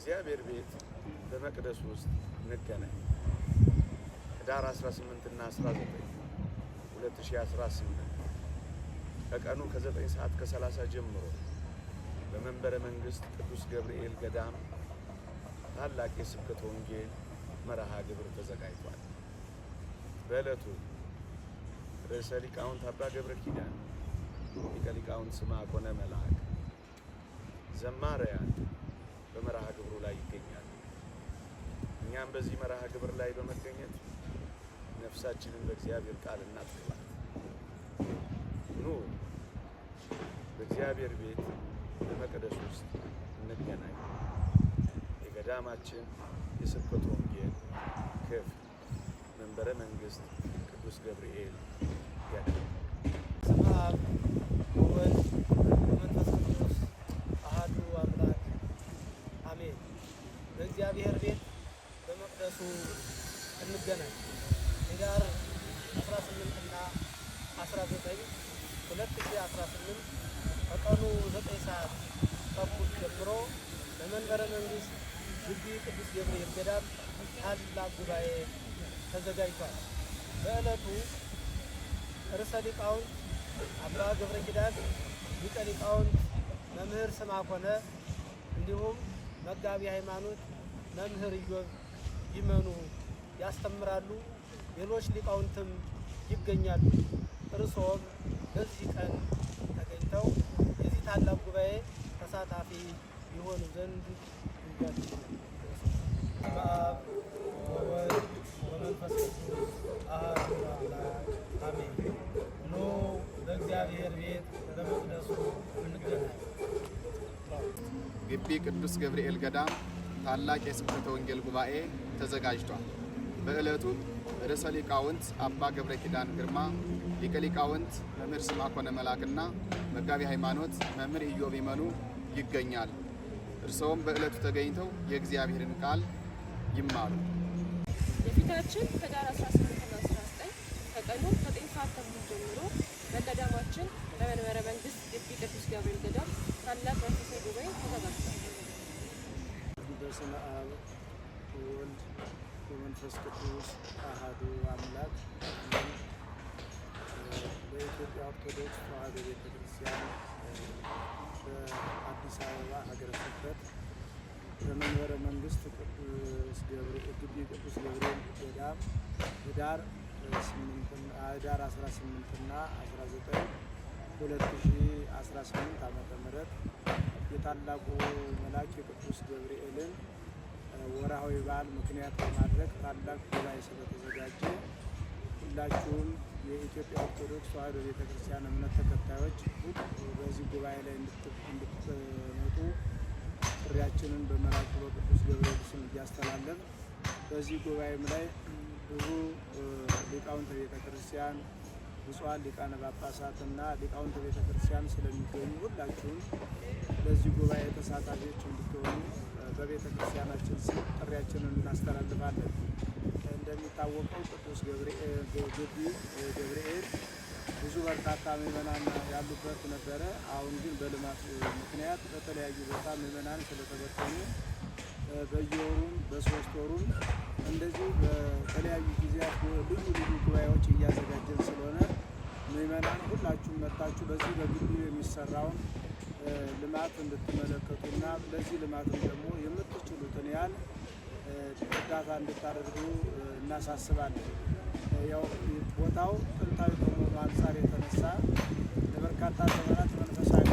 በእግዚአብሔር ቤት በመቅደስ ውስጥ እንገናኝ። ህዳር 18 እና 19 2018 ከቀኑ ከ9 ሰዓት ከ30 ጀምሮ በመንበረ መንግስት ቅዱስ ገብርኤል ገዳም ታላቅ የስብከተ ወንጌል መርሃ ግብር ተዘጋጅቷል። በዕለቱ ርዕሰ ሊቃውንት አባ ገብረ ኪዳን፣ ሊቀ ሊቃውንት ስምዐ ኮነ መልአክ፣ ዘማሪያን በመርሃ ግብሩ ላይ ይገኛሉ። እኛም በዚህ መርሃ ግብር ላይ በመገኘት ነፍሳችንን በእግዚአብሔር ቃል እናጥቅባት። ኑ በእግዚአብሔር ቤት በመቅደስ ውስጥ እንገናኝ። የገዳማችን የስብከት ወንጌል ክፍል መንበረ መንግስት ቅዱስ ገብርኤል ያደርጋል። 2018 ከቀኑ 9 ሰዓት ተኩል ጀምሮ በመንበረ መንግስት ግቢ ቅዱስ ገብርኤል ገዳም ታላቅ ጉባኤ ተዘጋጅቷል። በዕለቱ ርዕሰ ሊቃውንት አባ ገብረ ኪዳን ሊቀ ሊቃውንት መምህር ስምዐኮነ እንዲሁም መጋቢ ሃይማኖት መምህር ኢዮብ ይመኑ ያስተምራሉ። ሌሎች ሊቃውንትም ይገኛሉ። እርሶም በዚህ ቀን ተገኝተው የዚህ ታላቅ ጉባኤ ተሳታፊ የሆኑ ዘንድ እንጋል ቤት ግቢ ቅዱስ ገብርኤል ገዳም ታላቅ የስብከተ ወንጌል ጉባኤ ተዘጋጅቷል። በዕለቱ ርዕሰ ሊቃውንት አባ ገብረ ኪዳን ግርማ፣ ሊቀ ሊቃውንት መምህር ስምዐኮነ መላክና መጋቢ ሃይማኖት መምህር ኢዮብ ይመኑ ይገኛል። እርስዎም በዕለቱ ተገኝተው የእግዚአብሔርን ቃል ይማሩ። የፊታችን ህዳር 18ና 19 ከቀኑ ከ9 ሰዓት ተኩል ጀምሮ በገዳማችን በመንበረ መንግስት ግቢ ቅዱስ ገብርኤል ገዳም ታላቅ መንፈሳዊ ጉባኤ ተዘጋጅቷል። በስመ አብ ወወልድ በመንፈስ ቅዱስ አህዱ አምላክ በኢትዮጵያ ኦርቶዶክስ ተዋሕዶ ቤተ ክርስቲያን በአዲስ አበባ ሀገረ ስብከት በመንበረ መንግስት ግቢ ቅዱስ ገብርኤል ገዳም ህዳር 18 እና 19 2018 ዓ.ም የታላቁ መልአክ የቅዱስ ገብርኤልን ዓመታዊ በዓል ምክንያት በማድረግ ታላቅ ጉባኤ ስለተዘጋጀ ሁላችሁም የኢትዮጵያ ኦርቶዶክስ ተዋሕዶ ቤተ ክርስቲያን እምነት ተከታዮች በዚህ ጉባኤ ላይ እንድትመጡ ጥሪያችንን በመላኩ በቅዱስ ገብርኤል ስም እያስተላለፍ በዚህ ጉባኤም ላይ ብዙ ሊቃውንተ ቤተ ክርስቲያን ብፁዓን ሊቃነ እና ሊቃውንተ ቤተ ክርስቲያን ስለሚገኙ ሁላችሁም በዚህ ጉባኤ ተሳታፊዎች እንድትሆኑ በቤተ ክርስቲያናችን ስም ጥሪያችንን እናስተላልፋለን። እንደሚታወቀው ቅዱስ ገብርኤል ብዙ በርካታ ምዕመናን ያሉበት ነበረ። አሁን ግን በልማት ምክንያት በተለያዩ ቦታ ምዕመናን ስለተበተኑ በየወሩም በሶስት ወሩም እንደዚህ በተለያዩ ጊዜያት ልዩ ልዩ ጉባኤዎች እያዘጋጀን ስለሆነ ምዕመናን ሁላችሁም መጥታችሁ በዚህ በግቢ የሚሰራውን ልማት እንድትመለከቱና ለዚህ ልማትም ደግሞ የምትችሉትን ያህል እርዳታ እንድታደርጉ እናሳስባለን። ያው ቦታው ጥንታዊ ከመሆኑ አንጻር የተነሳ ለበርካታ ዘመናት መንፈሳዊ